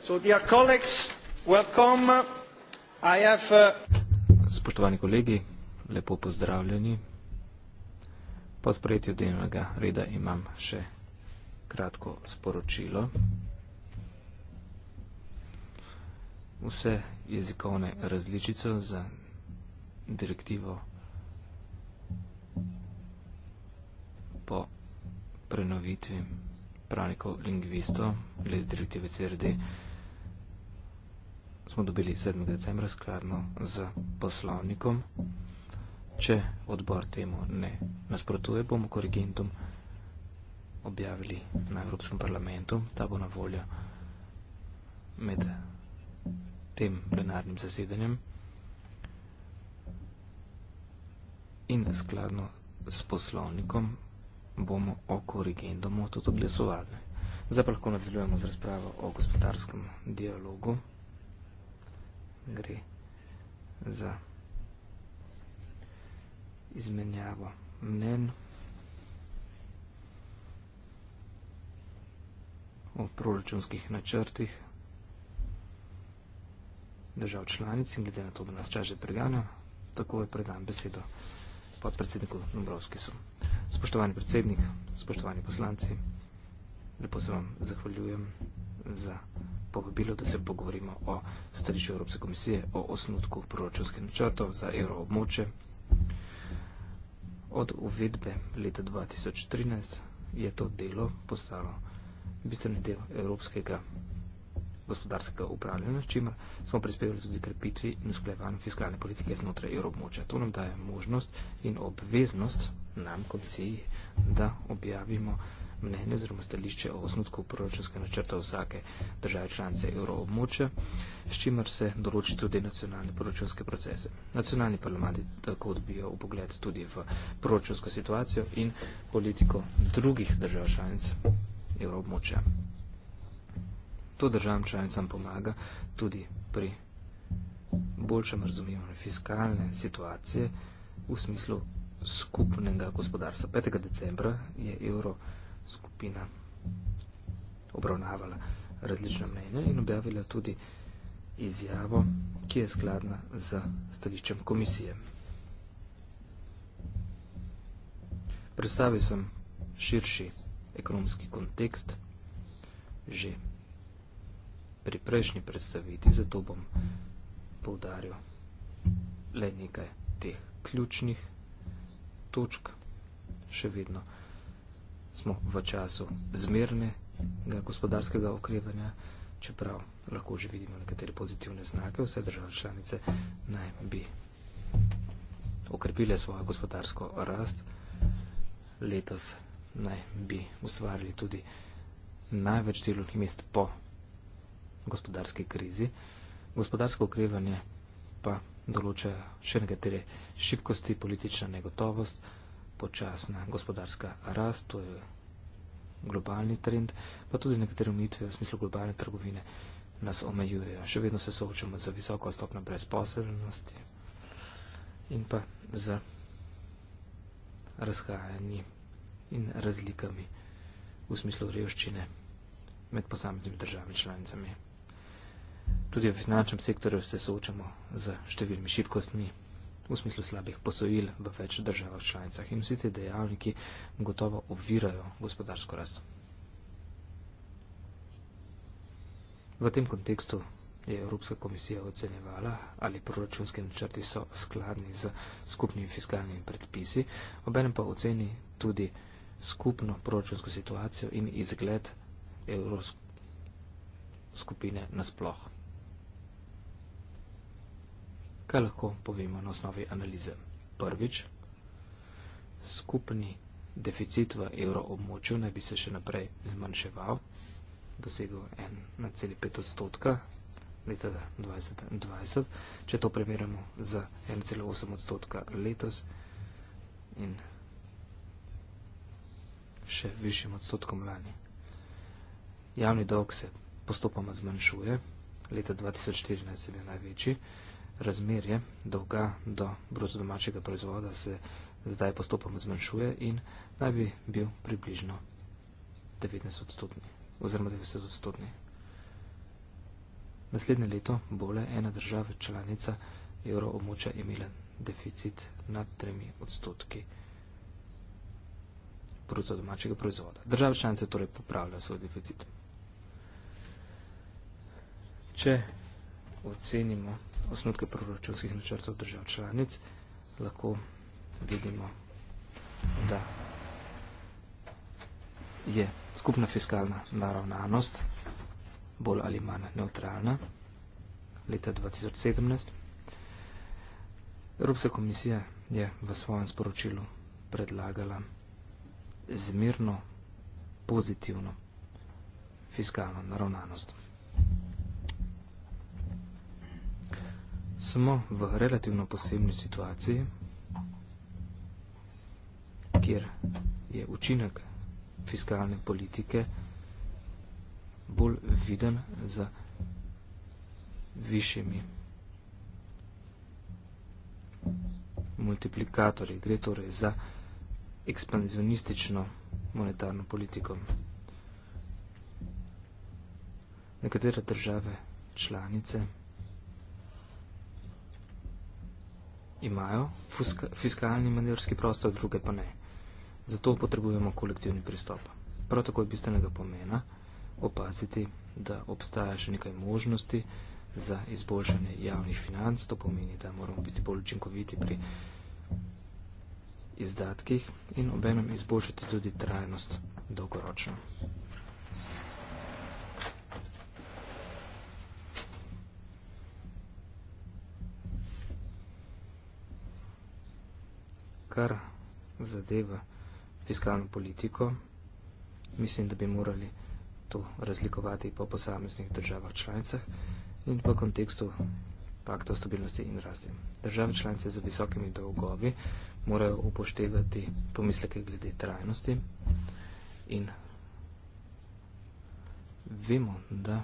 Uh, Spoštovani kolegi, lepo pozdravljeni. Po sprejetju dnevnega reda imam še kratko sporočilo. Vse jezikovne različice za direktivo po prenovitvi pravnikov lingvistov glede direktive CRD smo dobili 7. decembra skladno z poslovnikom. Če odbor temu ne nasprotuje, bomo korigentom objavili na Evropskem parlamentu. Ta bo na voljo med tem plenarnim zasedanjem. In skladno s poslovnikom bomo o korigendomu tudi glasovali. Zdaj pa lahko nadaljujemo z razpravo o gospodarskem dialogu gre za izmenjavo mnen o proračunskih načrtih držav članic in glede na to, da nas čas že preganja, tako je predan besedo podpredsedniku Dombrovskisu. Spoštovani predsednik, spoštovani poslanci, lepo se vam zahvaljujem za pozornost povabilo, da se pogovorimo o stališču Evropske komisije o osnutku proračunskih načrtov za evroobmoče. Od uvedbe leta 2013 je to delo postalo bistveni del evropskega gospodarskega upravljanja, čimer smo prispevali tudi krepitvi in usklajevanju fiskalne politike znotraj evroobmoča. To nam daje možnost in obveznost nam komisiji, da objavimo mnenje oziroma stališče o osnutku proračunske načrta vsake države članice evroobmoče, s čimer se določi tudi nacionalne proračunske procese. Nacionalni parlamenti tako odbijo v pogled tudi v proračunsko situacijo in politiko drugih držav članic evroobmoče. To državam članicam pomaga tudi pri boljšem razumevanju fiskalne situacije v smislu skupnega gospodarstva. 5. decembra je evro skupina obravnavala različna mnenja in objavila tudi izjavo, ki je skladna z stališčem komisije. Predstavil sem širši ekonomski kontekst že pri prejšnji predstaviti, zato bom poudaril le nekaj teh ključnih točk še vedno vsega smo v času zmernega gospodarskega okrevanja, čeprav lahko že vidimo nekatere pozitivne znake, vse države članice naj bi okrepile svojo gospodarsko rast. Letos naj bi ustvarili tudi največ delovnih mest po gospodarski krizi. Gospodarsko okrevanje pa določa še nekatere šibkosti, politična negotovost počasna gospodarska rast, to je globalni trend, pa tudi nekatere omitve v smislu globalne trgovine nas omejujejo. Še vedno se soočamo z visoko stopno brezposelnosti in pa z razhajanji in razlikami v smislu revščine med posameznimi državami članicami. Tudi v finančnem sektorju se soočamo z številnimi šibkostmi, v smislu slabih posojil v več državah članicah in vsi ti dejavniki gotovo ovirajo gospodarsko rast. V tem kontekstu je Evropska komisija ocenjevala, ali proračunske načrti so skladni z skupnimi fiskalnimi predpisi, obenem pa oceni tudi skupno proračunsko situacijo in izgled Evropske skupine nasplošno kaj lahko povemo na osnovi analize. Prvič, skupni deficit v evroobmočju naj bi se še naprej zmanjševal, dosegel 1,5 odstotka leta 2020, če to primerjamo z 1,8 odstotka letos in še višjim odstotkom lani. Javni dolg se postopoma zmanjšuje, leta 2014 je bil največji razmerje dolga do bruto domačega proizvoda se zdaj postopoma zmanjšuje in naj bi bil približno 19 odstotni oziroma 90 odstotni. Naslednje leto bo le ena država članica evroobmočja imela deficit nad 3 odstotki bruto domačega proizvoda. Država članica torej popravlja svoj deficit. Če ocenimo osnutke proračunskih načrtov držav članic, lahko vidimo, da je skupna fiskalna naravnanost bolj ali manj neutralna leta 2017. Evropska komisija je v svojem sporočilu predlagala zmerno pozitivno fiskalno naravnanost. Thank you. smo v relativno posebni situaciji, kjer je učinek fiskalne politike bolj viden za višjimi multiplikatorji. Gre torej za ekspanzionistično monetarno politiko. Nekatere države članice, imajo fuska, fiskalni manevrski prostor, druge pa ne. Zato potrebujemo kolektivni pristop. Prav tako je bistvenega pomena opaziti, da obstaja še nekaj možnosti za izboljšanje javnih financ. To pomeni, da moramo biti bolj učinkoviti pri izdatkih in obenem izboljšati tudi trajnost dolgoročno. kar zadeva fiskalno politiko, mislim, da bi morali to razlikovati po posameznih državah članicah in v kontekstu pakta stabilnosti in rasti. Države članice z visokimi dolgovi morajo upoštevati pomisleke glede trajnosti in vemo, da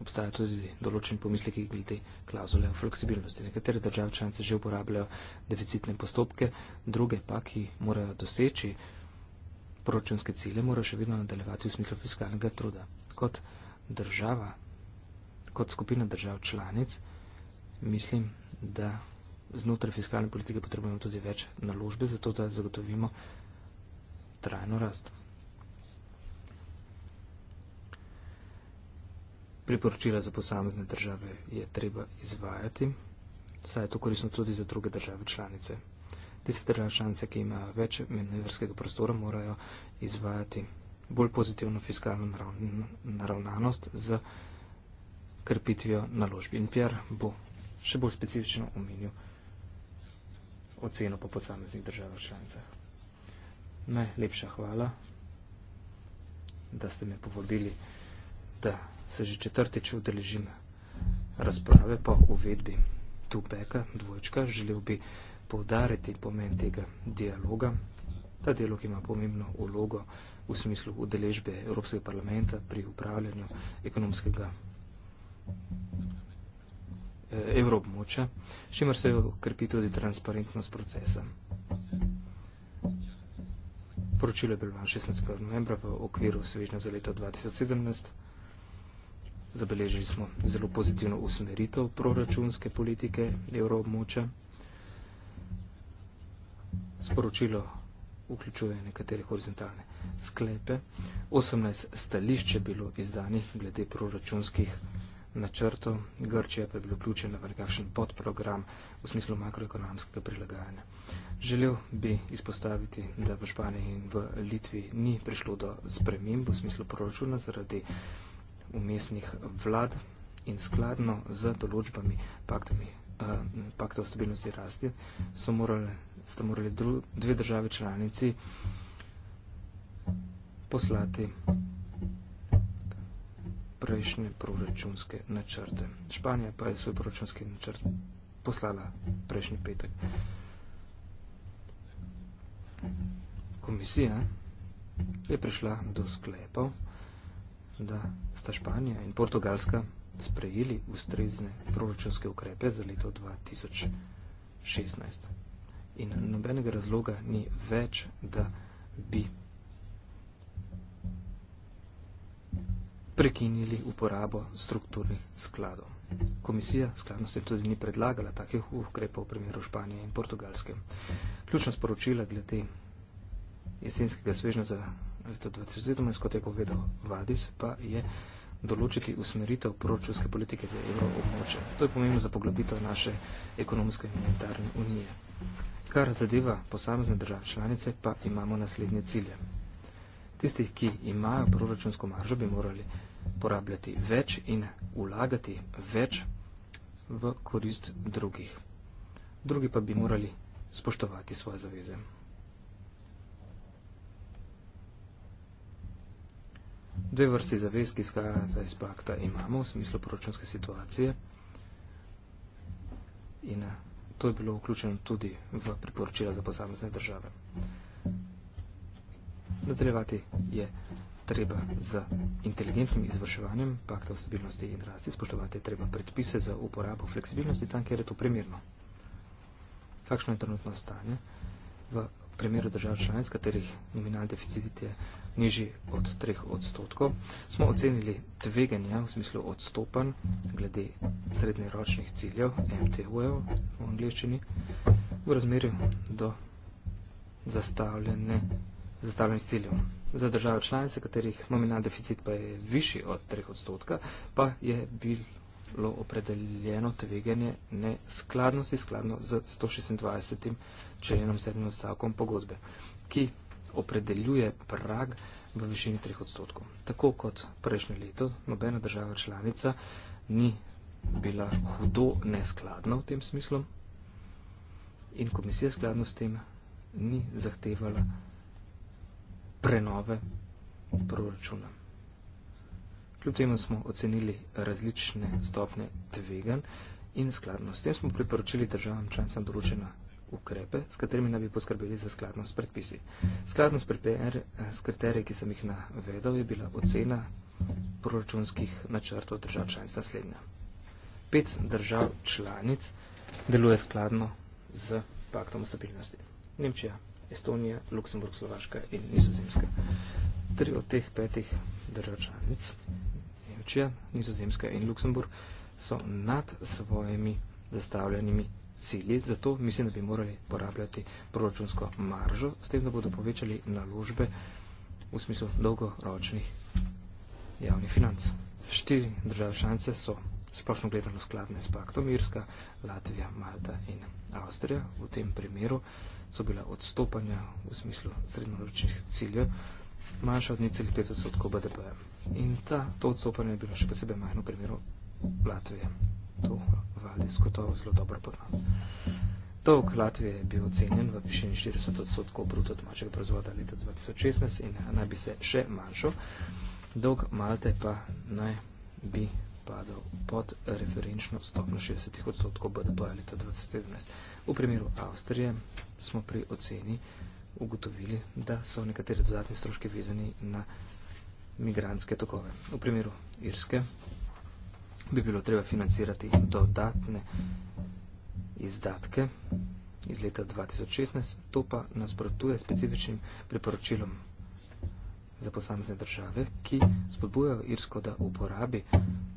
obstaja tudi določen pomisleki glede klauzule o fleksibilnosti. Nekatere države članice že uporabljajo deficitne postopke, druge pa, ki morajo doseči proračunske cilje, morajo še vedno nadaljevati v smislu fiskalnega truda. Kot država, kot skupina držav članic, mislim, da znotraj fiskalne politike potrebujemo tudi več naložbe, zato da zagotovimo trajno rast. priporočila za posamezne države je treba izvajati, saj je to koristno tudi za druge države članice. Tiste države članice, ki imajo več menevrskega prostora, morajo izvajati bolj pozitivno fiskalno naravnanost z krpitvijo naložb. In Pierre bo še bolj specifično omenil oceno po posameznih državah članicah. Najlepša hvala, da ste me povabili, da se že četrtič udeležim razprave po uvedbi Tupeka, dvojčka. Želel bi povdariti pomen tega dialoga. Ta dialog ima pomembno ulogo v smislu udeležbe Evropskega parlamenta pri upravljanju ekonomskega eh, evroobmoča, s čimer se okrepi tudi transparentnost procesa. Poročilo je bilo 16. novembra v okviru svežnja za leto 2017. Zabeležili smo zelo pozitivno usmeritev proračunske politike evroobmoča. Sporočilo vključuje nekatere horizontalne sklepe. 18 stališč je bilo izdanih glede proračunskih načrtov. Grčija pa je bila vključena v nekakšen podprogram v smislu makroekonomskega prilagajanja. Želel bi izpostaviti, da v Španiji in v Litvi ni prišlo do sprememb v smislu proračuna zaradi umestnih vlad in skladno z določbami paktami, eh, pakta o stabilnosti rasti, so morali, so morali dru, dve države članici poslati prejšnje proračunske načrte. Španija pa je svoj proračunski načrt poslala prejšnji petek. Komisija je prišla do sklepov, da sta Španija in Portugalska sprejeli ustrezne proračunske ukrepe za leto 2016. In nobenega razloga ni več, da bi prekinili uporabo strukturnih skladov. Komisija skladno se tudi ni predlagala takih ukrepov v primeru Španije in Portugalske. Ključna sporočila glede jesenskega svežnja za ali to 2020, ali kot je povedal Vadis, pa je določiti usmeritev proračunske politike za evroobmočje. To je pomembno za poglobitev naše ekonomske in monetarne unije. Kar zadeva posamezne države članice, pa imamo naslednje cilje. Tisti, ki imajo proračunsko maržo, bi morali porabljati več in vlagati več v korist drugih. Drugi pa bi morali spoštovati svoje zaveze. dve vrsti zavez, ki izhajata iz pakta, imamo v smislu proračunske situacije. In eh, to je bilo vključeno tudi v priporočila za posamezne države. Nadaljevati je treba z inteligentnim izvrševanjem pakta o stabilnosti in rasti, spoštovati je treba predpise za uporabo fleksibilnosti tam, kjer je to primerno. Kakšno je trenutno stanje? V primeru držav članic, katerih nominalni deficit je nižji od 3 odstotkov, smo ocenili tveganja v smislu odstopanj glede srednjeročnih ciljev MTU-jev v angliščini v razmerju do zastavljene, zastavljenih ciljev. Za države članice, katerih nominalni deficit pa je višji od 3 odstotka, pa je bil bilo opredeljeno tveganje neskladnosti skladno z 126. členom sedmim odstavkom pogodbe, ki opredeljuje prag v višini 3 odstotkov. Tako kot prejšnje leto, nobena država članica ni bila hudo neskladna v tem smislu in komisija skladno s tem ni zahtevala prenove proračuna. Kljub temu smo ocenili različne stopne tvegan in skladno s tem smo priporočili državam člancem določena ukrepe, s katerimi naj bi poskrbeli za skladno s predpisi. Skladno eh, s kriterije, ki sem jih navedel, je bila ocena proračunskih načrtov držav članic naslednja. Pet držav članic deluje skladno z paktom stabilnosti. Nemčija, Estonija, Luksemburg, Slovaška in Nizozemska. Tri od teh petih držav članic Nemčija, Nizozemska in Luksemburg so nad svojimi zastavljenimi cilji, zato mislim, da bi morali porabljati proračunsko maržo, s tem, da bodo povečali naložbe v smislu dolgoročnih javnih financ. Štiri države šance so splošno gledano skladne s paktom Irska, Latvija, Malta in Avstrija. V tem primeru so bila odstopanja v smislu srednjeročnih ciljev manjša od 0,5 odstotkov BDP. -ja. In ta, to odsopanje je bilo še posebej majhno v primeru Latvije. To Valdis gotovo zelo dobro pozna. Dolg Latvije je bil ocenjen v višini 40 odstotkov bruto domačega proizvoda leta 2016 in naj bi se še manjšal. Dolg Malte pa naj bi padal pod referenčno stopno 60 odstotkov BDP leta 2017. V primeru Avstrije smo pri oceni ugotovili, da so nekateri dodatni stroški vezani na migranske tokove. V primeru Irske bi bilo treba financirati dodatne izdatke iz leta 2016, to pa nasprotuje specifičnim priporočilom za posamezne države, ki spodbujajo Irsko, da uporabi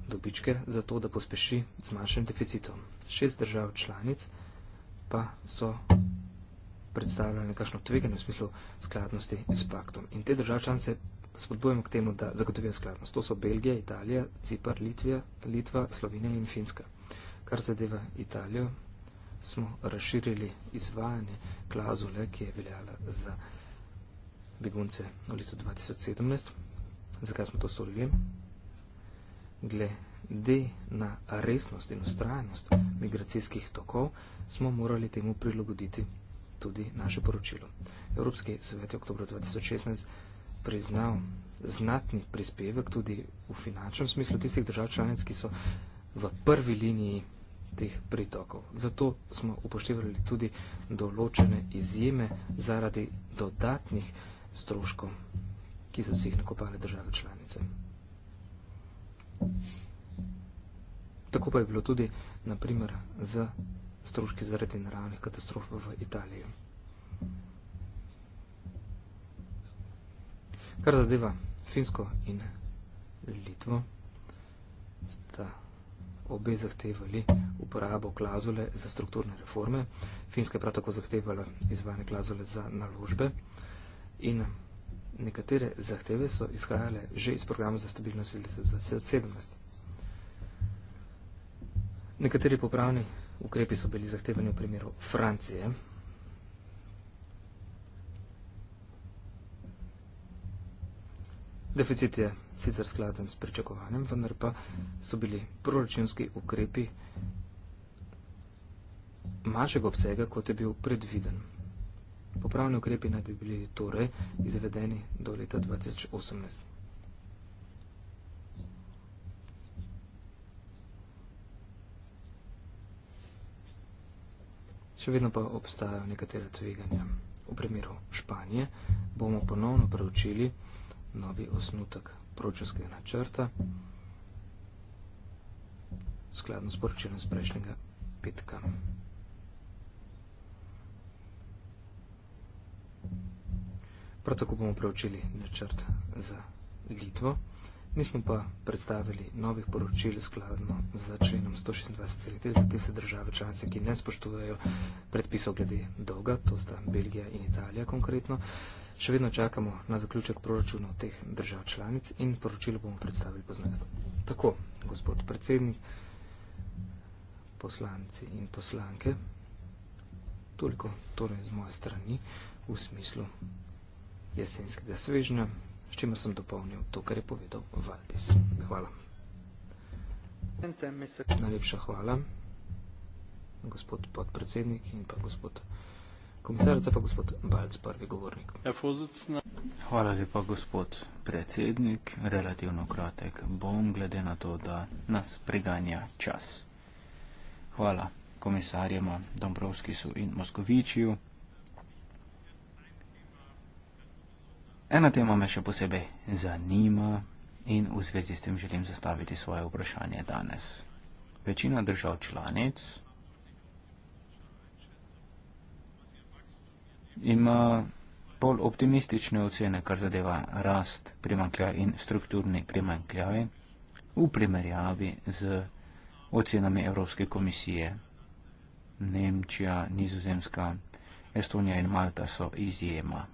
dobičke za to, da pospeši z manjšim deficitom. Šest držav članic pa so predstavljali nekakšno tveganje v smislu skladnosti s paktom. In te države članice spodbujamo k temu, da zagotovijo skladnost. To so Belgija, Italija, Cipr, Litvija, Litva, Slovenija in Finska. Kar zadeva Italijo, smo razširili izvajanje klauzule, ki je veljala za begunce v letu 2017. Zakaj smo to storili? Glede na resnost in ustrajnost migracijskih tokov smo morali temu prilagoditi tudi naše poročilo. Evropski svet je oktober 2016 priznal znatni prispevek tudi v finančnem smislu tistih držav članic, ki so v prvi liniji teh pritokov. Zato smo upoštevali tudi določene izjeme zaradi dodatnih stroškov, ki so si jih nakopale države članice. Tako pa je bilo tudi, naprimer, z stroški zaradi naravnih katastrof v Italiji. Thank you. Kar zadeva Finsko in Litvo, sta obe zahtevali uporabo klazule za strukturne reforme. Finska je prav tako zahtevala izvajanje klazule za naložbe in nekatere zahteve so izhajale že iz programa za stabilnost iz leta 2017. Nekateri popravni ukrepi so bili zahtevani v primeru Francije, Deficit je sicer skladen s pričakovanjem, vendar pa so bili proračunski ukrepi manjšega obsega, kot je bil predviden. Popravni ukrepi naj bi bili torej izvedeni do leta 2018. Še vedno pa obstajajo nekatere tveganja. V primeru Španije bomo ponovno preučili, novi osnutek pročeskega načrta, skladno s poročilom z prejšnjega petka. Prav tako bomo preučili načrt za Litvo. Mi smo pa predstavili novih poročil skladno z začenom 126,3 za tiste države članice, ki ne spoštujejo predpisov glede dolga, to sta Belgija in Italija konkretno. Še vedno čakamo na zaključek proračunov teh držav članic in poročilo bomo predstavili poznaj. Tako, gospod predsednik, poslanci in poslanke, toliko torej z moje strani v smislu jesenskega svežnja s čimer sem dopolnil to, kar je povedal Valdis. Hvala. Najlepša hvala, gospod podpredsednik in pa gospod komisar, zdaj pa gospod Valc, prvi govornik. Ja, hvala lepa, gospod predsednik. Relativno kratek bom, glede na to, da nas preganja čas. Hvala komisarjema Dombrovskisu in Moskovičiju. Ena tema me še posebej zanima in v zvezi s tem želim zastaviti svoje vprašanje danes. Večina držav članic ima bolj optimistične ocene, kar zadeva rast primankljaja in strukturni primankljaje v primerjavi z ocenami Evropske komisije. Nemčija, Nizozemska, Estonija in Malta so izjema.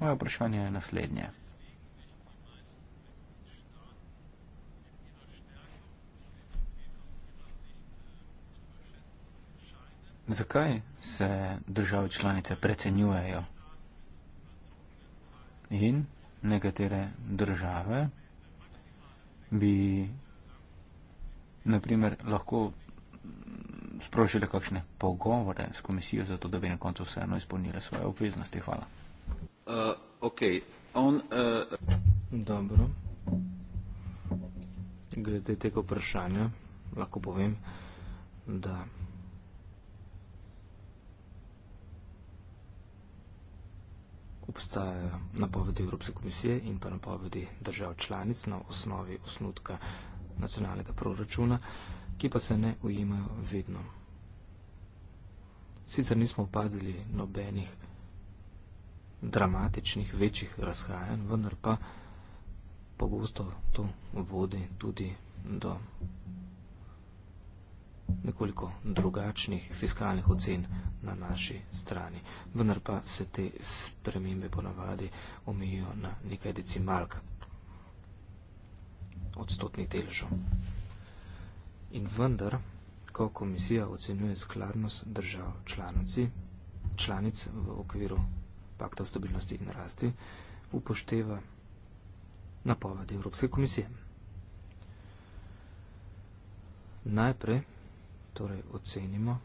Moje vprašanje je naslednje. Zakaj se države članice precenjujejo in nekatere države bi naprimer lahko sprožile kakšne pogovore s komisijo za to, da bi na koncu vseeno izpolnile svoje obveznosti? Hvala. Uh, ok. On, uh... Dobro. Glede tega vprašanja lahko povem, da. Obstajajo napovedi Evropske komisije in pa napovedi držav članic na osnovi osnutka nacionalnega proračuna, ki pa se ne ujimajo vedno. Sicer nismo opazili nobenih dramatičnih, večjih razhajanj, vendar pa pogosto to vodi tudi do nekoliko drugačnih fiskalnih ocen na naši strani. Vendar pa se te spremembe ponavadi omejijo na nekaj decimalk odstotnih deležov. In vendar, ko komisija ocenjuje skladnost držav članici, članic v okviru pakt o stabilnosti in rasti upošteva napovedi Evropske komisije. Najprej torej ocenimo,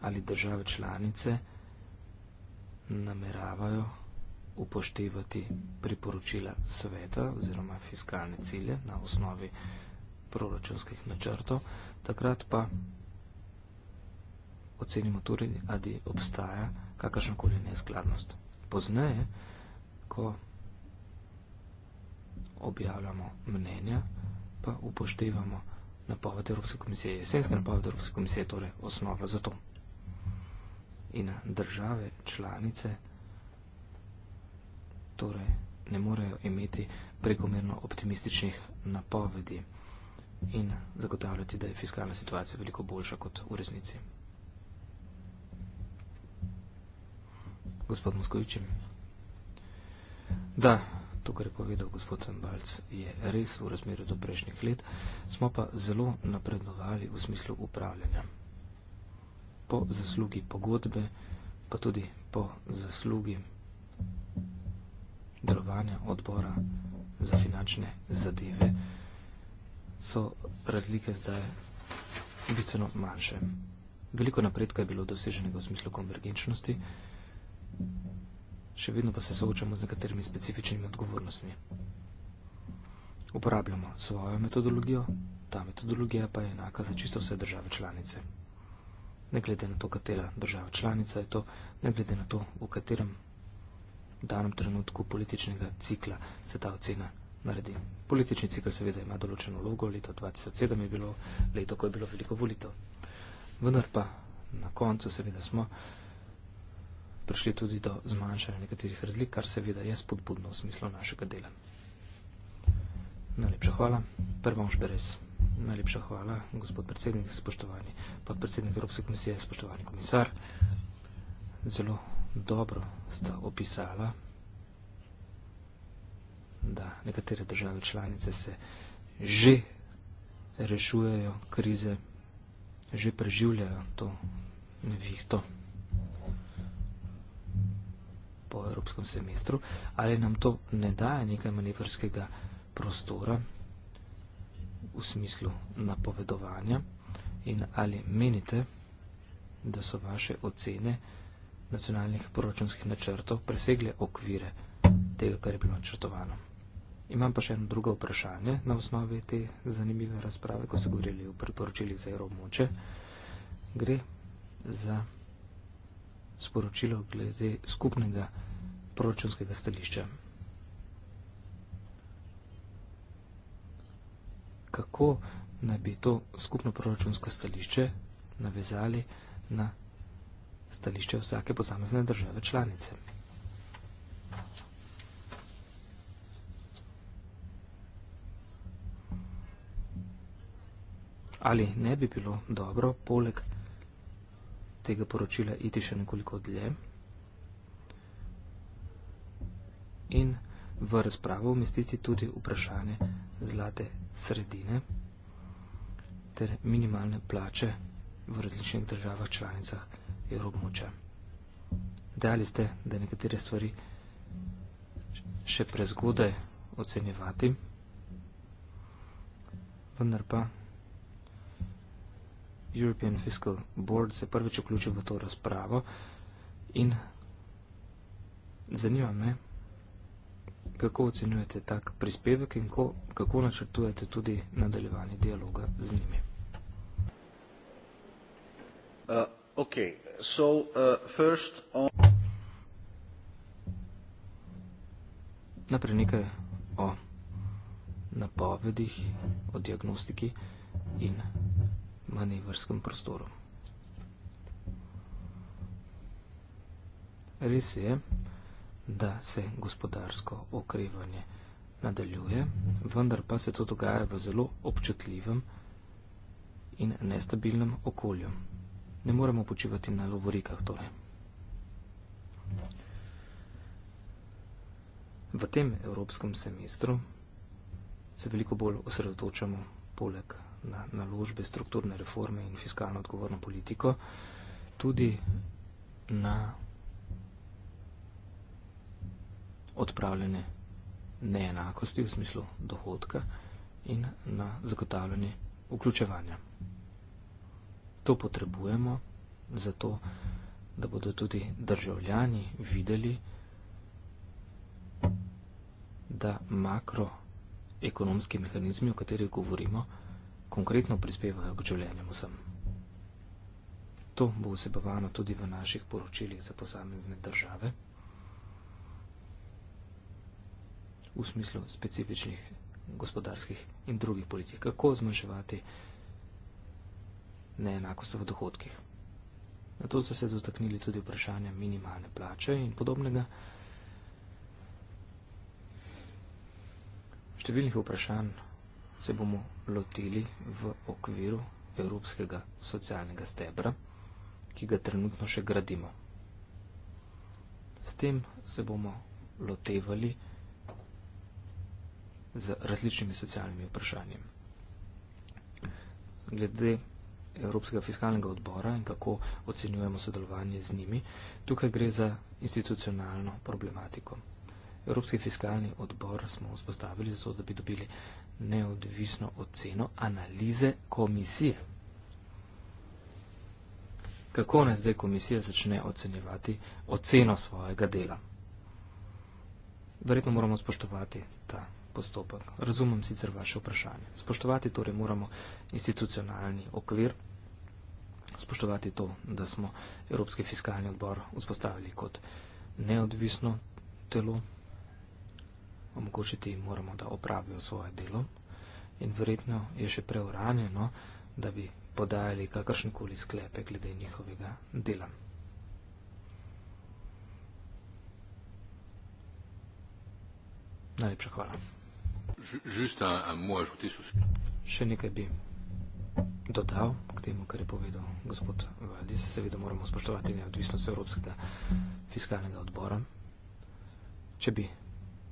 ali države članice nameravajo upoštevati priporočila sveta oziroma fiskalne cilje na osnovi proračunskih načrtov, takrat pa ocenimo torej, ali obstaja nekaj, kakršnokoli neskladnost. Pozneje, ko objavljamo mnenja, pa upoštevamo napoved Evropske komisije. Jesenska napoved Evropske komisije je torej osnova za to. In države, članice, torej ne morejo imeti prekomerno optimističnih napovedi in zagotavljati, da je fiskalna situacija veliko boljša kot v resnici. gospod Moskovičem. Da, to, kar je povedal gospod Rembalc, je res v razmerju do prejšnjih let, smo pa zelo napredovali v smislu upravljanja. Po zaslugi pogodbe, pa tudi po zaslugi delovanja odbora za finančne zadeve, so razlike zdaj bistveno manjše. Veliko napredka je bilo doseženega v smislu konvergenčnosti, Še vedno pa se soočamo z nekaterimi specifičnimi odgovornostmi. Uporabljamo svojo metodologijo, ta metodologija pa je enaka za čisto vse države članice. Ne glede na to, katera država članica je to, ne glede na to, v katerem danem trenutku političnega cikla se ta ocena naredi. Politični cikl seveda ima določeno logo, leto 2007 je bilo leto, ko je bilo veliko volitev. Vendar pa na koncu seveda smo prišli tudi do zmanjšanja nekaterih razlik, kar seveda je spodbudno v smislu našega dela. Najlepša hvala. Prvo už beres. Najlepša hvala, gospod predsednik, spoštovani podpredsednik Evropske komisije, spoštovani komisar. Zelo dobro sta opisala, da nekatere države članice se že rešujejo krize, že preživljajo to nevihto po evropskem semestru, ali nam to ne daje nekaj manevrskega prostora v smislu napovedovanja in ali menite, da so vaše ocene nacionalnih proračunskih načrtov presegle okvire tega, kar je bilo načrtovano. Imam pa še eno drugo vprašanje na osnovi te zanimive razprave, ko ste govorili o priporočili za evroobmoče. Gre za sporočilo glede skupnega proračunskega stališča. Kako naj bi to skupno proračunsko stališče navezali na stališče vsake posamezne države članice? Ali ne bi bilo dobro, poleg tega poročila iti še nekoliko dlje. In v razpravo umestiti tudi vprašanje zlate sredine ter minimalne plače v različnih državah članicah evromoča. Dali ste, da nekatere stvari še prezgodaj ocenjevati, vendar pa European Fiscal Board se prvič vključil v to razpravo in zanima me, kako ocenjujete tak prispevek in ko, kako načrtujete tudi nadaljevanje dialoga z njimi. Uh, okay. so, uh, first on... Naprej nekaj o napovedih, o diagnostiki in manevrskem prostoru. Res je, da se gospodarsko okrevanje nadaljuje, vendar pa se to dogaja v zelo občutljivem in nestabilnem okolju. Ne moremo počivati na lovorikah torej. V tem evropskem semestru se veliko bolj osredotočamo poleg na naložbe, strukturne reforme in fiskalno odgovorno politiko, tudi na odpravljanje neenakosti v smislu dohodka in na zagotavljanje vključevanja. To potrebujemo zato, da bodo tudi državljani videli, da makroekonomski mehanizmi, o katerih govorimo, konkretno prispevajo k življenju vsem. To bo vsebovano tudi v naših poročilih za posamezne države, v smislu specifičnih gospodarskih in drugih politik, kako zmanjševati neenakost v dohodkih. Na to so se dotaknili tudi vprašanja minimalne plače in podobnega. Številnih vprašanj se bomo lotili v okviru Evropskega socialnega stebra, ki ga trenutno še gradimo. S tem se bomo lotevali z različnimi socialnimi vprašanjami. Glede Evropskega fiskalnega odbora in kako ocenjujemo sodelovanje z njimi, tukaj gre za institucionalno problematiko. Evropski fiskalni odbor smo vzpostavili, zato da bi dobili neodvisno oceno analize komisije. Kako naj zdaj komisija začne ocenjevati oceno svojega dela? Verjetno moramo spoštovati ta postopek. Razumem sicer vaše vprašanje. Spoštovati torej moramo institucionalni okvir, spoštovati to, da smo Evropski fiskalni odbor vzpostavili kot neodvisno telo omogočiti jim moramo, da opravijo svoje delo in verjetno je še preuranjeno, da bi podajali kakršnekoli sklepe glede njihovega dela. Najlepša hvala. Še nekaj bi dodal k temu, kar je povedal gospod Valdis. Seveda moramo spoštovati neodvisnost Evropskega fiskalnega odbora. Če bi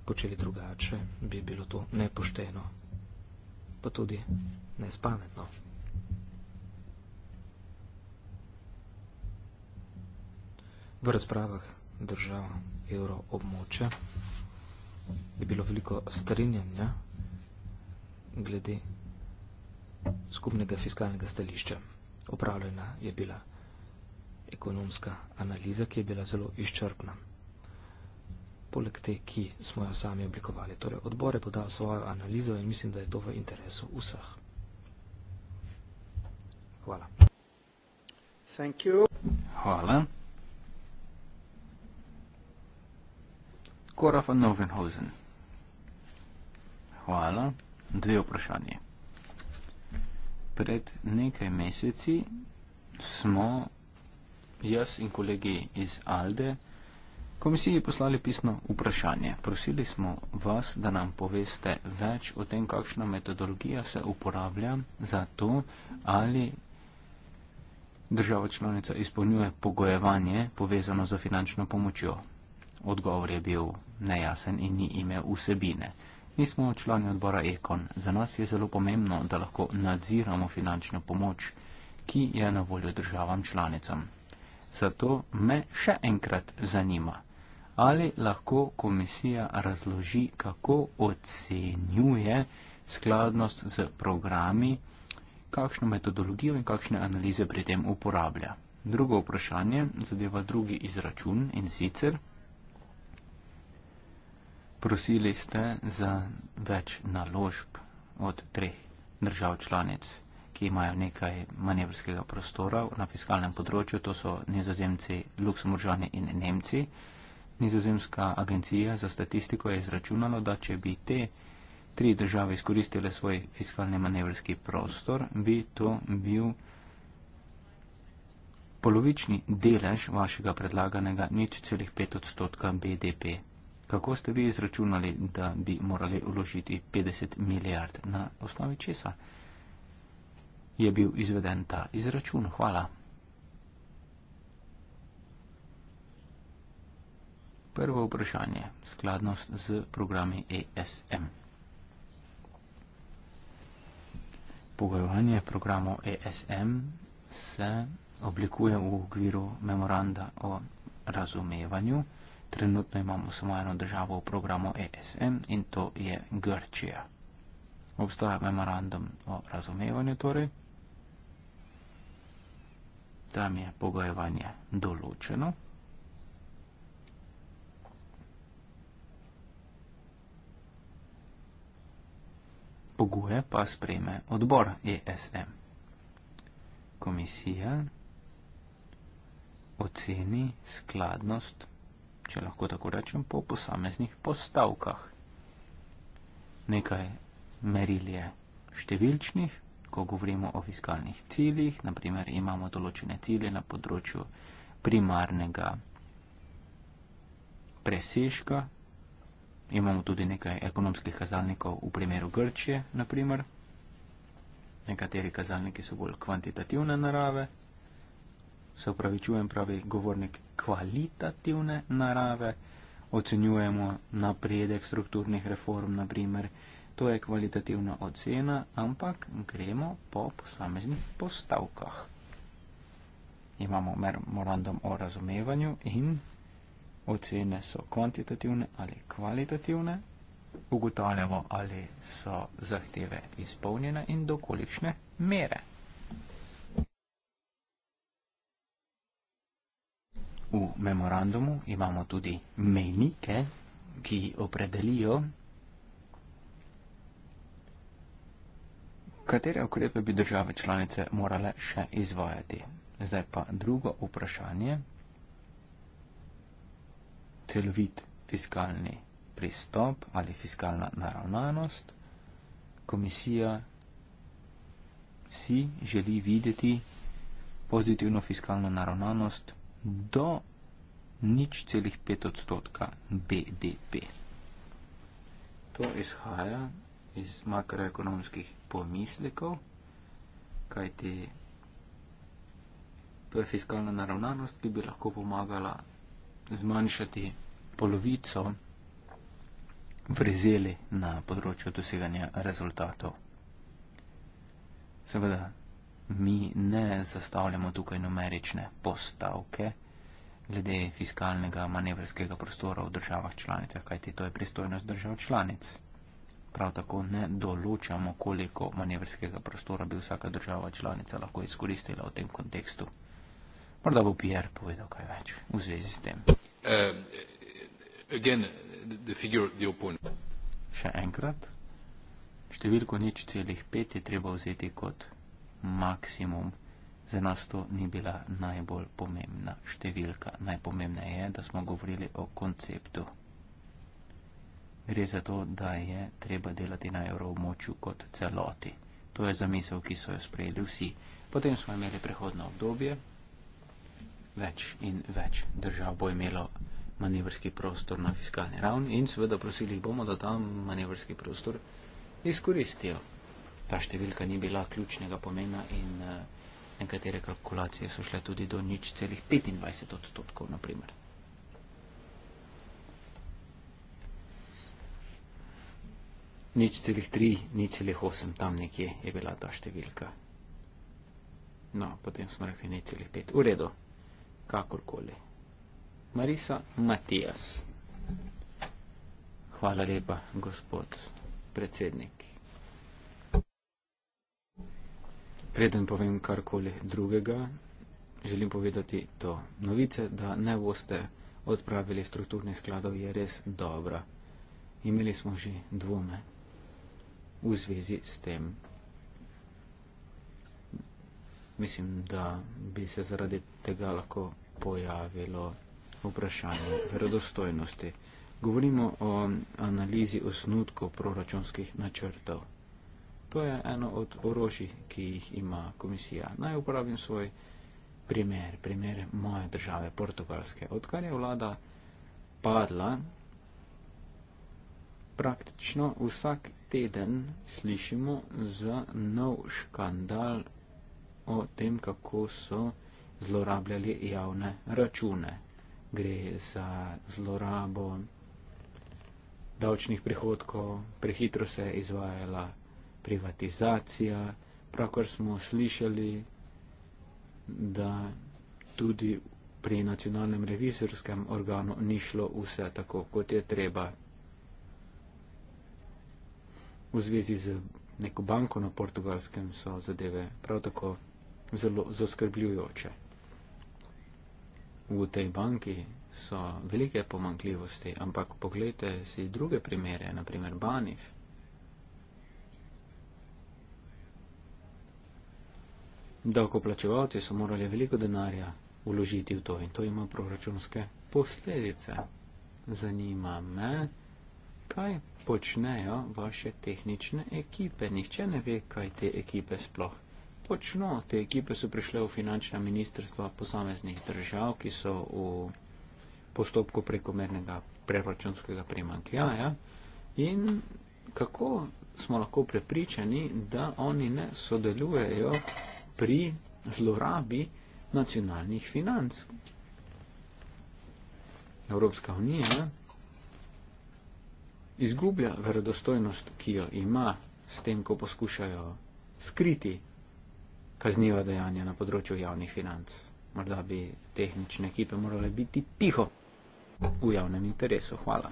počeli drugače, bi bilo to nepošteno, pa tudi nespametno. V razpravah držav evroobmoče je bilo veliko strinjanja glede skupnega fiskalnega stališča. Opravljena je bila ekonomska analiza, ki je bila zelo izčrpna poleg te, ki smo jo sami oblikovali. Torej, odbor je podal svojo analizo in mislim, da je to v interesu vseh. Hvala. Thank you. Hvala. Kora van Novenhausen. Hvala. Dve vprašanje. Pred nekaj meseci smo jaz in kolegi iz ALDE Komisiji poslali pisno vprašanje. Prosili smo vas, da nam poveste več o tem, kakšna metodologija se uporablja za to, ali država članica izpolnjuje pogojevanje povezano za finančno pomočjo. Odgovor je bil nejasen in ni imel vsebine. Mi smo člani odbora Ekon. Za nas je zelo pomembno, da lahko nadziramo finančno pomoč, ki je na voljo državam članicam. Zato me še enkrat zanima ali lahko komisija razloži, kako ocenjuje skladnost z programi, kakšno metodologijo in kakšne analize pri tem uporablja. Drugo vprašanje zadeva drugi izračun in sicer prosili ste za več naložb od treh držav članic, ki imajo nekaj manevrskega prostora na fiskalnem področju, to so nizozemci, luksemuržani in nemci. Nizozemska agencija za statistiko je izračunalo, da če bi te tri države izkoristile svoj fiskalni manevrski prostor, bi to bil polovični delež vašega predlaganega nič celih pet odstotka BDP. Kako ste vi izračunali, da bi morali uložiti 50 milijard na osnovi česa? Je bil izveden ta izračun? Hvala. prvo vprašanje, skladno z programi ESM. Pogojevanje programov ESM se oblikuje v okviru memoranda o razumevanju. Trenutno imamo samo eno državo v programu ESM in to je Grčija. Obstaja memorandum o razumevanju torej. Tam je pogojevanje določeno. pogoje pa sprejme odbor ESM. Komisija oceni skladnost, če lahko tako rečem, po posameznih postavkah. Nekaj meril je številčnih, ko govorimo o fiskalnih ciljih, naprimer imamo določene cilje na področju primarnega presežka Imamo tudi nekaj ekonomskih kazalnikov v primeru Grčije, naprimer. Nekateri kazalniki so bolj kvantitativne narave. Se upravičujem, pravi govornik kvalitativne narave. Ocenjujemo napredek strukturnih reform, naprimer. To je kvalitativna ocena, ampak gremo po posameznih postavkah. Imamo memorandum o razumevanju in ocene so kvantitativne ali kvalitativne, ugotavljamo, ali so zahteve izpolnjene in dokolikšne mere. V memorandumu imamo tudi mejnike, ki opredelijo, katere ukrepe bi države članice morale še izvajati. Zdaj pa drugo vprašanje, celovit fiskalni pristop ali fiskalna naravnanost, komisija si želi videti pozitivno fiskalno naravnanost do nič celih pet odstotka BDP. To izhaja iz makroekonomskih pomislekov, kajti to je fiskalna naravnanost, ki bi lahko pomagala zmanjšati polovico vrezeli na področju doseganja rezultatov. Seveda, mi ne zastavljamo tukaj numerične postavke glede fiskalnega manevrskega prostora v državah članicah, kajti to je pristojnost držav članic. Prav tako ne določamo, koliko manevrskega prostora bi vsaka država članica lahko izkoristila v tem kontekstu. Morda bo Pierre povedal kaj več v zvezi s tem. Uh, again, the figure, the Še enkrat, številko nič celih pet je treba vzeti kot maksimum. Za nas to ni bila najbolj pomembna številka. Najpomembneje je, da smo govorili o konceptu. Gre za to, da je treba delati na evroobmočju kot celoti. To je zamisel, ki so jo sprejeli vsi. Potem smo imeli prehodno obdobje, več in več držav bo imelo manevrski prostor na fiskalni ravni in seveda prosili bomo, da tam manevrski prostor izkoristijo. Ta številka ni bila ključnega pomena in uh, nekatere kalkulacije so šle tudi do nič celih 25 odstotkov, naprimer. Nič celih 3, nič celih 8, tam nekje je bila ta številka. No, potem smo rekli nič celih 5. V redu kakorkoli. Marisa Matijas. Hvala lepa, gospod predsednik. Preden povem karkoli drugega, želim povedati to. Novice, da ne boste odpravili strukturnih skladov, je res dobra. Imeli smo že dvome v zvezi s tem mislim, da bi se zaradi tega lahko pojavilo vprašanje verodostojnosti. Govorimo o analizi osnutkov proračunskih načrtov. To je eno od orožij, ki jih ima komisija. Naj uporabim svoj primer, primer moje države, portugalske. Odkar je vlada padla, praktično vsak teden slišimo za nov škandal o tem, kako so zlorabljali javne račune. Gre za zlorabo davčnih prihodkov, prehitro se je izvajala privatizacija, pravkar smo slišali, da tudi pri nacionalnem revizorskem organu ni šlo vse tako, kot je treba. V zvezi z neko banko na portugalskem so zadeve prav tako zelo zaskrbljujoče. V tej banki so velike pomankljivosti, ampak pogledajte si druge primere, naprimer Banif. Davkoplačevalci so morali veliko denarja uložiti v to in to ima proračunske posledice. Zanima me, kaj počnejo vaše tehnične ekipe. Nihče ne ve, kaj te ekipe sploh počno. Te ekipe so prišle v finančna ministrstva posameznih držav, ki so v postopku prekomernega preračunskega primankljaja. In kako smo lahko prepričani, da oni ne sodelujejo pri zlorabi nacionalnih financ? Evropska unija izgublja verodostojnost, ki jo ima s tem, ko poskušajo skriti kazniva dejanja na področju javnih financ. Morda bi tehnične ekipe morale biti tiho v javnem interesu. Hvala.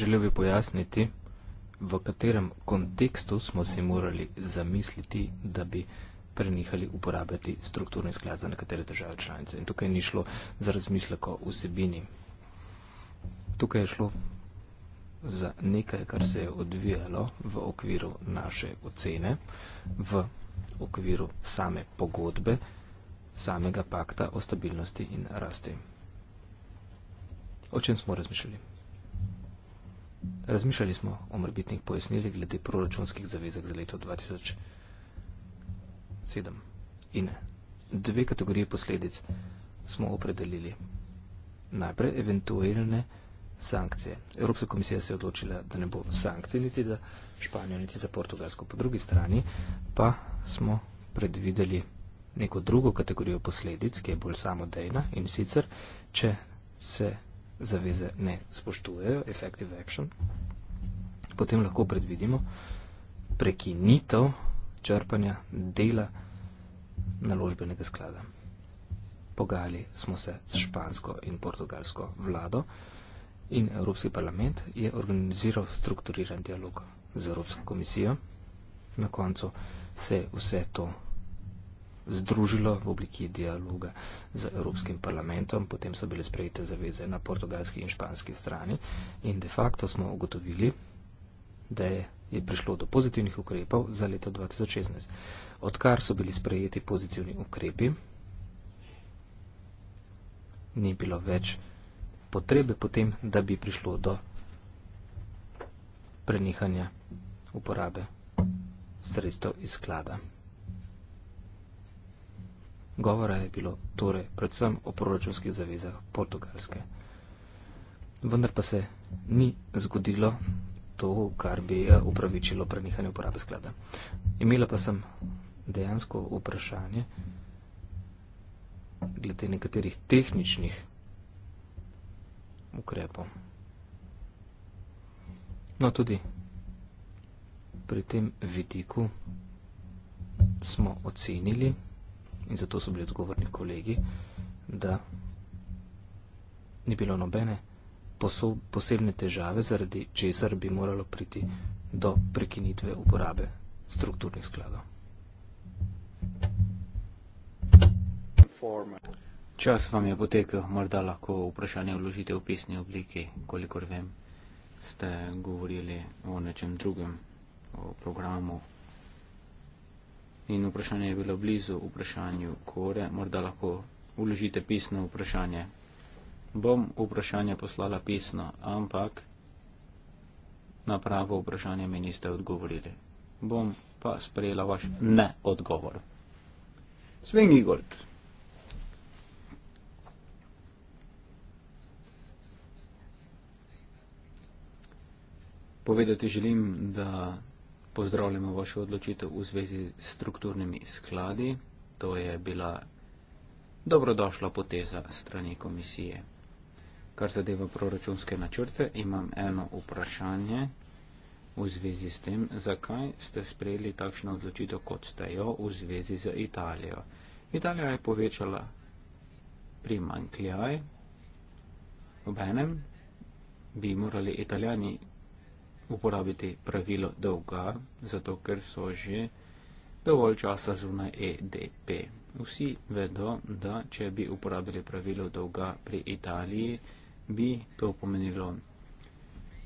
Želel bi pojasniti, v katerem kontekstu smo si morali zamisliti, da bi prenehali uporabljati strukturni sklad za nekatere države članice. In tukaj ni šlo za razmisleko vsebini. Tukaj je šlo za nekaj, kar se je odvijalo v okviru naše ocene, v okviru same pogodbe, samega pakta o stabilnosti in rasti. O čem smo razmišljali? Razmišljali smo o morbitnih pojasnili glede proračunskih zavezek za leto 2007. In dve kategorije posledic smo opredelili. Najprej eventualne posledice, sankcije. Evropska komisija se je odločila, da ne bo sankcij niti za Španijo, niti za Portugalsko. Po drugi strani pa smo predvideli neko drugo kategorijo posledic, ki je bolj samodejna in sicer, če se zaveze ne spoštujejo, effective action, potem lahko predvidimo prekinitev črpanja dela naložbenega sklada. Pogajali smo se s špansko in portugalsko vlado in Evropski parlament je organiziral strukturiran dialog z Evropsko komisijo. Na koncu se je vse to združilo v obliki dialoga z Evropskim parlamentom, potem so bile sprejete zaveze na portugalski in španski strani in de facto smo ugotovili, da je prišlo do pozitivnih ukrepov za leto 2016. Odkar so bili sprejeti pozitivni ukrepi, ni bilo več ukrepov potrebe potem, da bi prišlo do prenehanja uporabe sredstev iz sklada. Govora je bilo torej predvsem o proračunskih zavezah Portugalske. Vendar pa se ni zgodilo to, kar bi eh, upravičilo prenehanje uporabe sklada. Imela pa sem dejansko vprašanje glede nekaterih tehničnih ukrepom. No, tudi pri tem vidiku smo ocenili, in zato so bili odgovorni kolegi, da ni bilo nobene posebne težave, zaradi česar bi moralo priti do prekinitve uporabe strukturnih skladov. Informa. Čas vam je potekel, morda lahko vprašanje vložite v pisni obliki, kolikor vem, ste govorili o nečem drugem, o programu. In vprašanje je bilo blizu vprašanju kore, morda lahko vložite pisno vprašanje. Bom vprašanje poslala pisno, ampak na pravo vprašanje mi niste odgovorili. Bom pa sprejela vaš ne odgovor. Sven Igor. Povedati želim, da pozdravljamo vašo odločitev v zvezi s strukturnimi skladi. To je bila dobrodošla poteza strani komisije. Kar zadeva proračunske načrte, imam eno vprašanje v zvezi s tem, zakaj ste sprejeli takšno odločitev, kot ste jo v zvezi z Italijo. Italija je povečala primankljaj, obenem bi morali Italijani uporabiti pravilo dolga, zato ker so že dovolj časa zunaj EDP. Vsi vedo, da če bi uporabili pravilo dolga pri Italiji, bi to pomenilo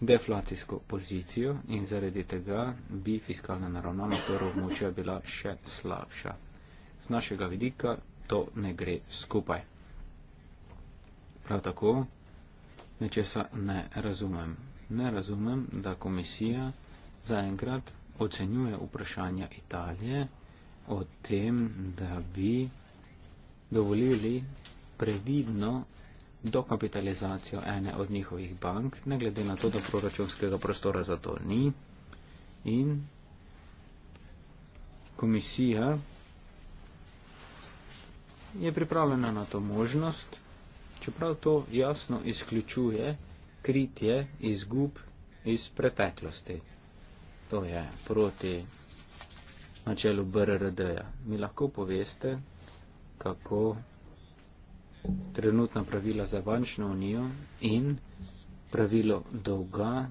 deflacijsko pozicijo in zaradi tega bi fiskalna naravnanost torej območja bila še slabša. Z našega vidika to ne gre skupaj. Prav tako nečesa ne razumem ne razumem, da komisija zaenkrat ocenjuje vprašanja Italije o tem, da bi dovolili previdno dokapitalizacijo ene od njihovih bank, ne glede na to, da proračunskega prostora za to ni. In komisija je pripravljena na to možnost, čeprav to jasno izključuje, kritje izgub iz preteklosti. To je proti načelu BRRD-ja. Mi lahko poveste, kako trenutna pravila za bančno unijo in pravilo dolga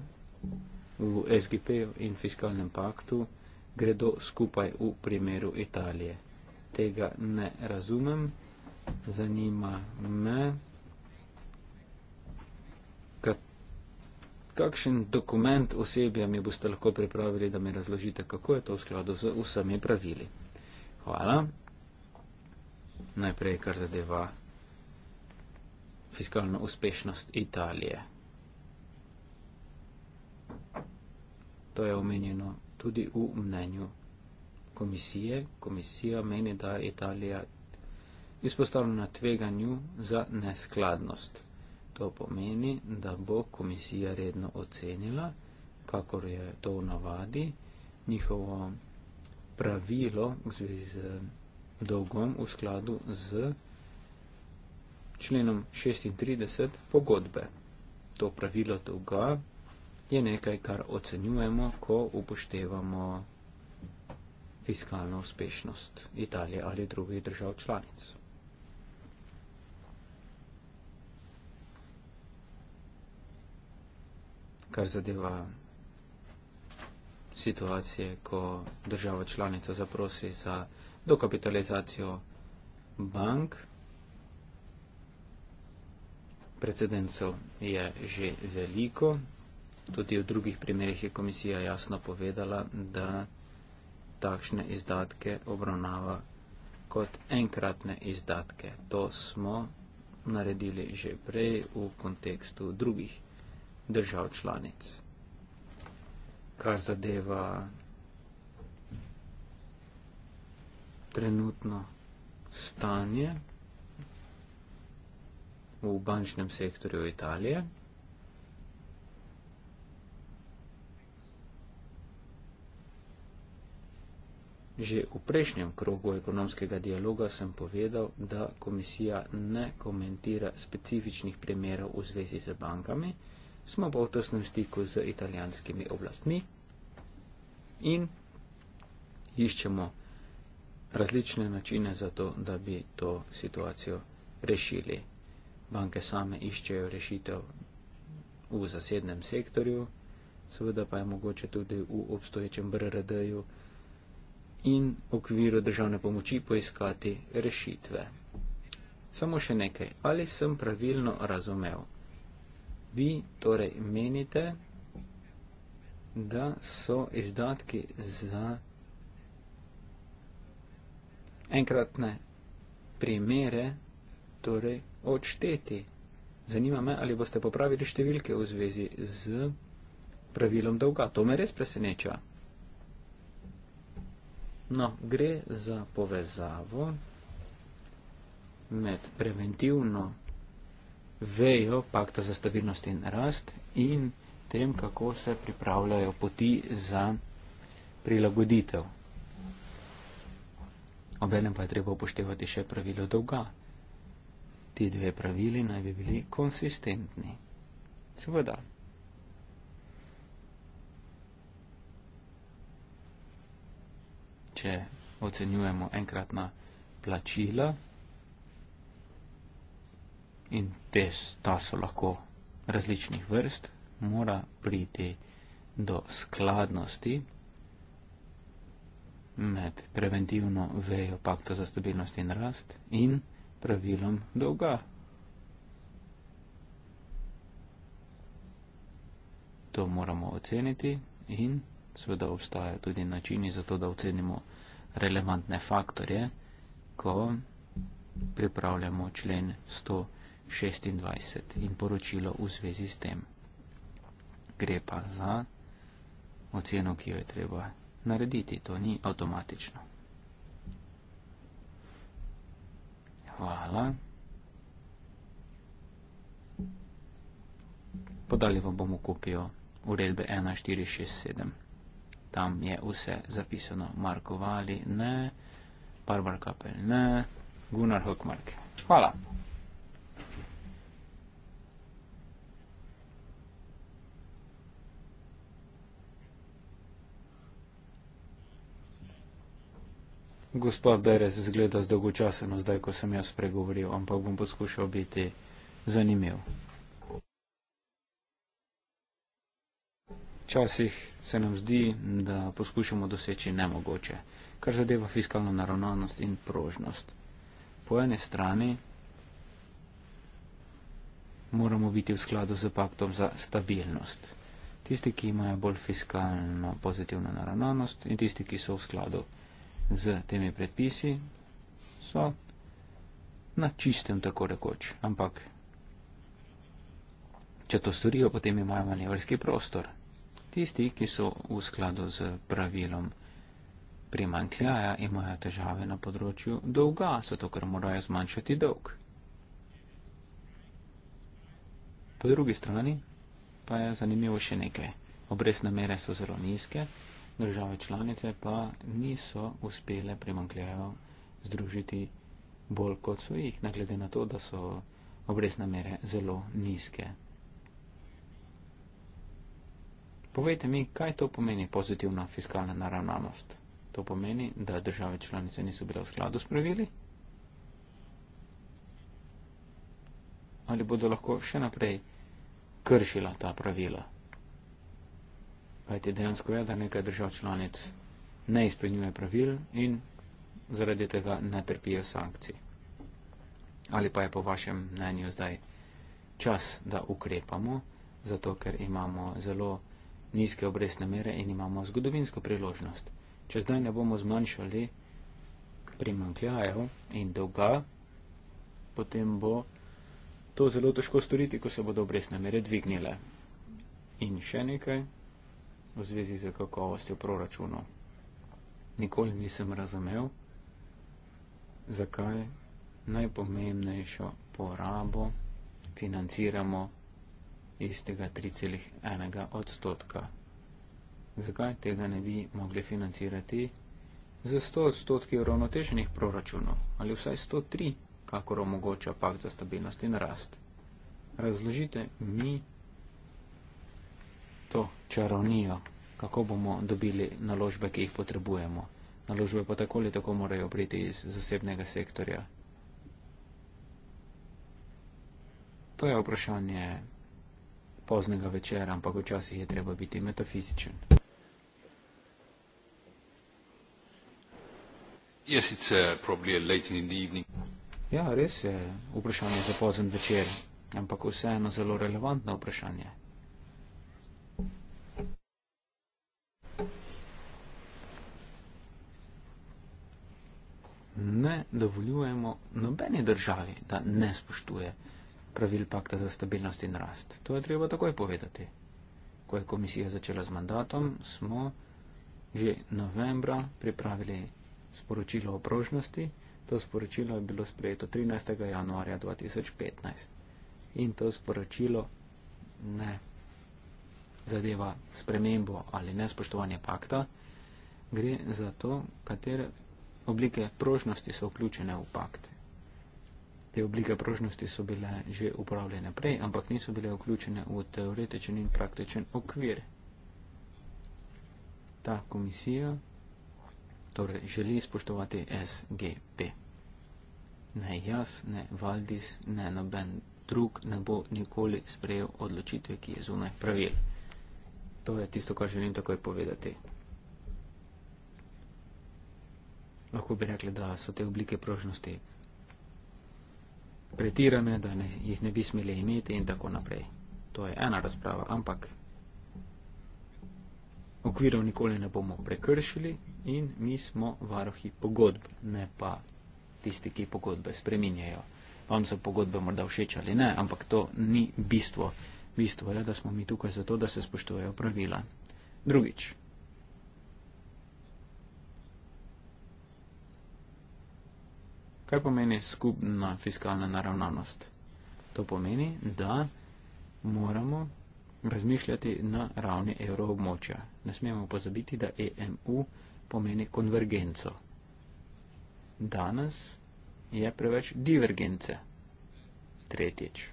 v SGP-ju in fiskalnem paktu gredo skupaj v primeru Italije. Tega ne razumem, zanima me. kakšen dokument osebja mi boste lahko pripravili, da mi razložite, kako je to v skladu z vsemi pravili. Hvala. Najprej, kar zadeva fiskalno uspešnost Italije. To je omenjeno tudi v mnenju komisije. Komisija meni, da je Italija izpostavljena tveganju za neskladnost. To pomeni, da bo komisija redno ocenila, kakor je to v navadi, njihovo pravilo v zvezi z dolgom v skladu z členom 36 pogodbe. To pravilo dolga je nekaj, kar ocenjujemo, ko upoštevamo fiskalno uspešnost Italije ali drugih držav članic. kar zadeva situacije, ko država članica zaprosi za dokapitalizacijo bank. Precedencev je že veliko. Tudi v drugih primerjih je komisija jasno povedala, da takšne izdatke obravnava kot enkratne izdatke. To smo naredili že prej v kontekstu drugih držav članic. Kar zadeva trenutno stanje v bančnem sektorju Italije, že v prejšnjem krogu ekonomskega dialoga sem povedal, da komisija ne komentira specifičnih primerov v zvezi z bankami smo pa v tesnem stiku z italijanskimi oblastmi in iščemo različne načine za to, da bi to situacijo rešili. Banke same iščejo rešitev v zasednem sektorju, seveda pa je mogoče tudi v obstoječem BRRD-ju in v okviru državne pomoči poiskati rešitve. Samo še nekaj, ali sem pravilno razumel, Vi torej menite, da so izdatki za enkratne primere torej odšteti. Zanima me, ali boste popravili številke v zvezi z pravilom dolga. To me res preseneča. No, gre za povezavo med preventivno vejo pakta za stabilnost in rast in tem, kako se pripravljajo poti za prilagoditev. Obenem pa je treba upoštevati še pravilo dolga. Ti dve pravili naj bi bili konsistentni. Seveda. Če ocenjujemo enkratna plačila, in te, ta so lahko različnih vrst, mora priti do skladnosti med preventivno vejo pakta za stabilnost in rast in pravilom dolga. To moramo oceniti in seveda obstajajo tudi načini za to, da ocenimo relevantne faktorje, ko pripravljamo člen 100. 26 in poročilo v zvezi s tem. Gre pa za oceno, ki jo je treba narediti, to ni avtomatično. Hvala. Podali vam bomo kopijo uredbe 1467. Tam je vse zapisano. Marko Vali ne, Barbar Kapel ne, Gunnar Hockmark. Hvala. Gospa Beres zgleda zdolgočaseno zdaj, ko sem jaz pregovoril, ampak bom poskušal biti zanimiv. Včasih se nam zdi, da poskušamo doseči nemogoče, kar zadeva fiskalno naravnanost in prožnost. Po eni strani moramo biti v skladu z paktom za stabilnost. Tisti, ki imajo bolj fiskalno pozitivno naravnanost in tisti, ki so v skladu z temi predpisi, so na čistem tako rekoč. Ampak, če to storijo, potem imajo manevrski prostor. Tisti, ki so v skladu z pravilom primankljaja, imajo težave na področju dolga, zato ker morajo zmanjšati dolg. Po drugi strani pa je zanimivo še nekaj. Obrestne mere so zelo nizke države članice pa niso uspele primankljajo združiti bolj kot svojih, naglede na to, da so obresne mere zelo nizke. Povejte mi, kaj to pomeni pozitivna fiskalna naravnanost? To pomeni, da države članice niso bile v skladu s pravili? Ali bodo lahko še naprej kršila ta pravila? kajti dejansko je, da nekaj držav članic ne izpolnjuje pravil in zaradi tega ne trpijo sankcij. Ali pa je po vašem mnenju zdaj čas, da ukrepamo, zato ker imamo zelo nizke obresne mere in imamo zgodovinsko priložnost. Če zdaj ne bomo zmanjšali primankljajev in dolga, potem bo to zelo težko storiti, ko se bodo obresne mere dvignile. In še nekaj, v zvezi z kakovostjo proračunov. Nikoli nisem razumel, zakaj najpomembnejšo porabo financiramo iz tega 3,1 odstotka. Zakaj tega ne bi mogli financirati z 100 odstotki uravnoteženih proračunov ali vsaj 103, kakor omogoča pakt za stabilnost in rast? Razložite mi, to čarovnijo, kako bomo dobili naložbe, ki jih potrebujemo. Naložbe pa tako ali tako morajo priti iz zasebnega sektorja. To je vprašanje poznega večera, ampak včasih je treba biti metafizičen. Yes, it's, uh, late in the ja, res je vprašanje za pozen večer, ampak vseeno zelo relevantno vprašanje. ne dovoljujemo nobeni državi, da ne spoštuje pravil pakta za stabilnost in rast. To je treba takoj povedati. Ko je komisija začela z mandatom, smo že novembra pripravili sporočilo o prožnosti. To sporočilo je bilo sprejeto 13. januarja 2015. In to sporočilo ne zadeva spremembo ali nespoštovanje pakta. Gre za to, katere oblike prožnosti so vključene v pakte. Te oblike prožnosti so bile že upravljene prej, ampak niso bile vključene v teoretičen in praktičen okvir. Ta komisija torej želi spoštovati SGP. Ne jaz, ne Valdis, ne noben drug ne bo nikoli sprejel odločitve, ki je zunaj pravil. To je tisto, kar želim takoj povedati. lahko bi rekli, da so te oblike prožnosti pretirane, da ne, jih ne bi smeli imeti in tako naprej. To je ena razprava, ampak okvirov nikoli ne bomo prekršili in mi smo varohi pogodb, ne pa tisti, ki pogodbe spreminjajo. Vam so pogodbe morda všeč ali ne, ampak to ni bistvo. Bistvo je, da smo mi tukaj zato, da se spoštujejo pravila. Drugič. Kaj pomeni skupna fiskalna naravnanost? To pomeni, da moramo razmišljati na ravni evroobmočja. Ne smemo pozabiti, da EMU pomeni konvergenco. Danes je preveč divergence. Tretjič.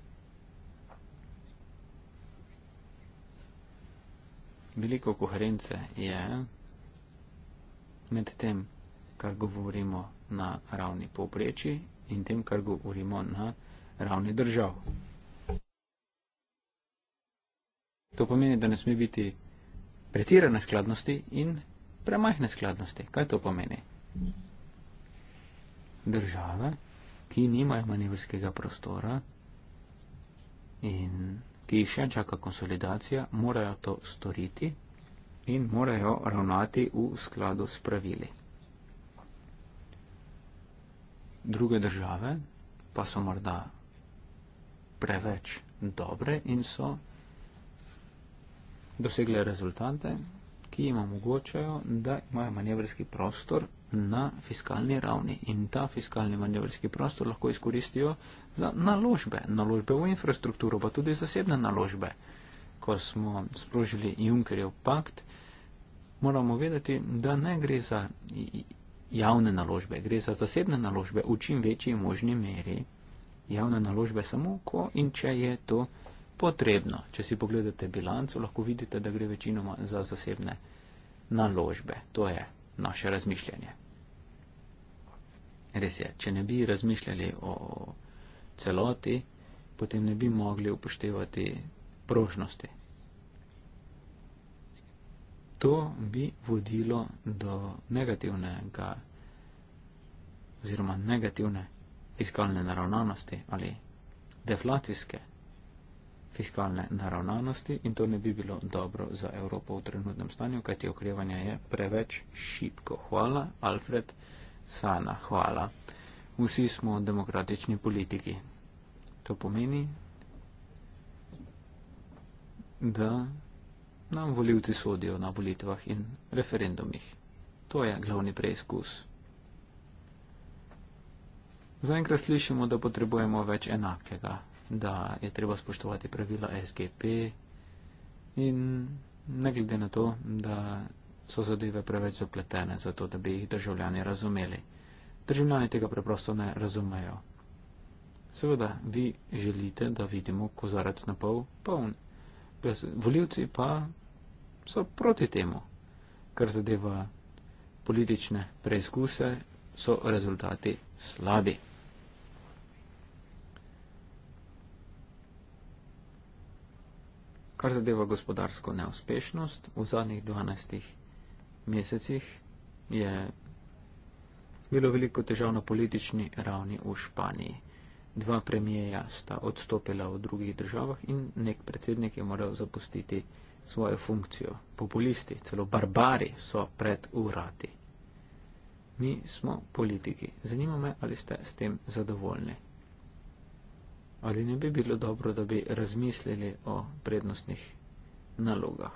Veliko koherence je med tem, kar govorimo na ravni povprečji in tem, kar govorimo na ravni držav. To pomeni, da ne sme biti pretirane skladnosti in premajhne skladnosti. Kaj to pomeni? Države, ki nimajo manevrskega prostora in ki jih še čaka konsolidacija, morajo to storiti in morajo ravnati v skladu s pravili druge države pa so morda preveč dobre in so dosegle rezultate, ki jim omogočajo, da imajo manevrski prostor na fiskalni ravni. In ta fiskalni manevrski prostor lahko izkoristijo za naložbe, naložbe v infrastrukturo, pa tudi zasebne naložbe. Ko smo sprožili Junckerjev pakt, moramo vedeti, da ne gre za javne naložbe, gre za zasebne naložbe v čim večji možni meri. Javne naložbe samo, ko in če je to potrebno. Če si pogledate bilanco, lahko vidite, da gre večinoma za zasebne naložbe. To je naše razmišljanje. Res je, če ne bi razmišljali o celoti, potem ne bi mogli upoštevati prožnosti. To bi vodilo do negativnega oziroma negativne fiskalne naravnanosti ali deflacijske fiskalne naravnanosti in to ne bi bilo dobro za Evropo v trenutnem stanju, kajti okrevanje je preveč šipko. Hvala, Alfred Sana, hvala. Vsi smo demokratični politiki. To pomeni, da nam voljivci sodijo na volitvah in referendumih. To je glavni preizkus. Zaenkrat slišimo, da potrebujemo več enakega, da je treba spoštovati pravila SGP in ne glede na to, da so zadeve preveč zapletene, zato da bi jih državljani razumeli. Državljani tega preprosto ne razumejo. Seveda, vi želite, da vidimo kozarec na pol poln, volivci pa so proti temu, kar zadeva politične preizkuse, so rezultati slabi. Kar zadeva gospodarsko neuspešnost, v zadnjih 12 mesecih je bilo veliko težav na politični ravni v Španiji. Dva premijeja sta odstopila v drugih državah in nek predsednik je moral zapustiti svojo funkcijo. Populisti, celo barbari so pred urati. Mi smo politiki. Zanima me, ali ste s tem zadovoljni. Ali ne bi bilo dobro, da bi razmislili o prednostnih nalogah.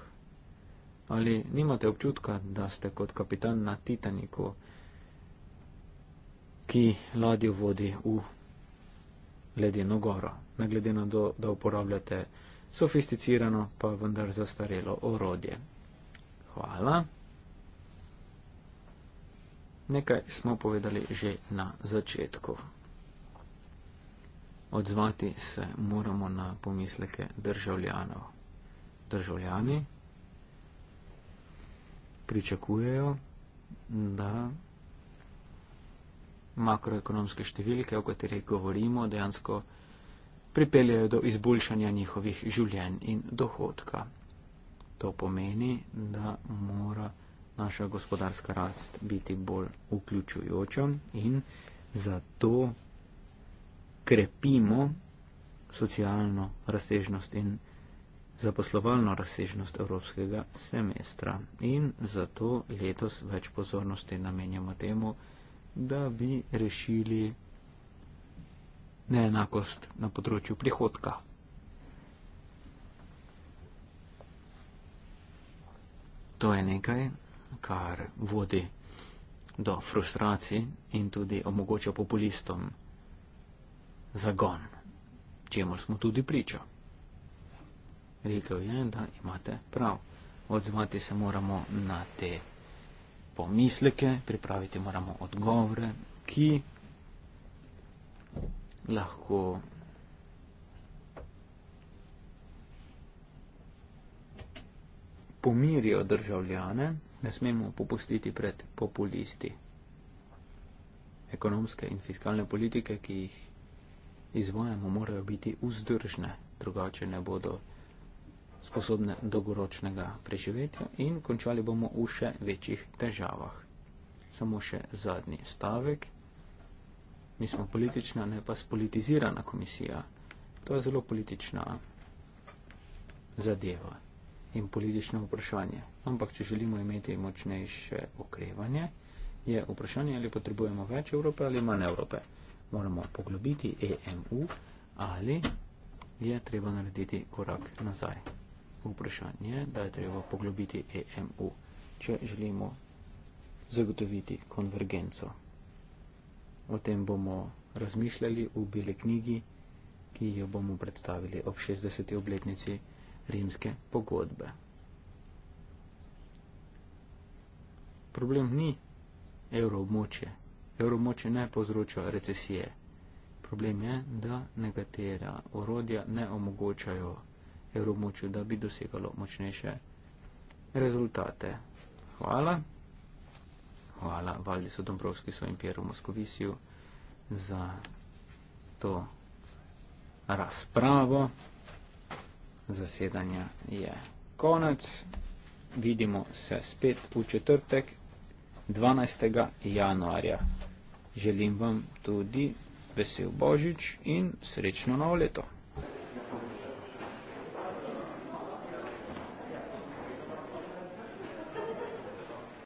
Ali nimate občutka, da ste kot kapitan na Titaniku, ki ladjo vodi v ledeno goro, nagledeno, da uporabljate sofisticirano pa vendar zastarelo orodje. Hvala. Nekaj smo povedali že na začetku. Odzvati se moramo na pomisleke državljanov. Državljani pričakujejo, da makroekonomske številke, o katerih govorimo, dejansko pripeljejo do izboljšanja njihovih življenj in dohodka. To pomeni, da mora naša gospodarska rast biti bolj vključujoča in zato krepimo socialno razsežnost in zaposlovalno razsežnost evropskega semestra. In zato letos več pozornosti namenjamo temu, da bi rešili neenakost na področju prihodka. To je nekaj, kar vodi do frustracij in tudi omogoča populistom zagon, čemu smo tudi priča. Rekel je, da imate prav. Odzvati se moramo na te pomisleke, pripraviti moramo odgovore, ki lahko pomirijo državljane, ne smemo popustiti pred populisti ekonomske in fiskalne politike, ki jih izvajamo, morajo biti vzdržne, drugače ne bodo sposobne dolgoročnega preživetja in končali bomo v še večjih težavah. Samo še zadnji stavek mi smo politična, ne pa spolitizirana komisija. To je zelo politična zadeva in politično vprašanje. Ampak, če želimo imeti močnejše okrevanje, je vprašanje, ali potrebujemo več Evrope ali manj Evrope. Moramo poglobiti EMU ali je treba narediti korak nazaj. Vprašanje je, da je treba poglobiti EMU, če želimo zagotoviti konvergenco. O tem bomo razmišljali v bele knjigi, ki jo bomo predstavili ob 60. obletnici rimske pogodbe. Problem ni evroobmočje. Evroobmočje ne povzroča recesije. Problem je, da nekatera orodja ne omogočajo evroobmočju, da bi dosegalo močnejše rezultate. Hvala. Hvala Valdisu Dombrovskisu in Pieru Moskovisiju za to razpravo. Zasedanja je konec. Vidimo se spet v četrtek 12. januarja. Želim vam tudi vesel božič in srečno novo leto.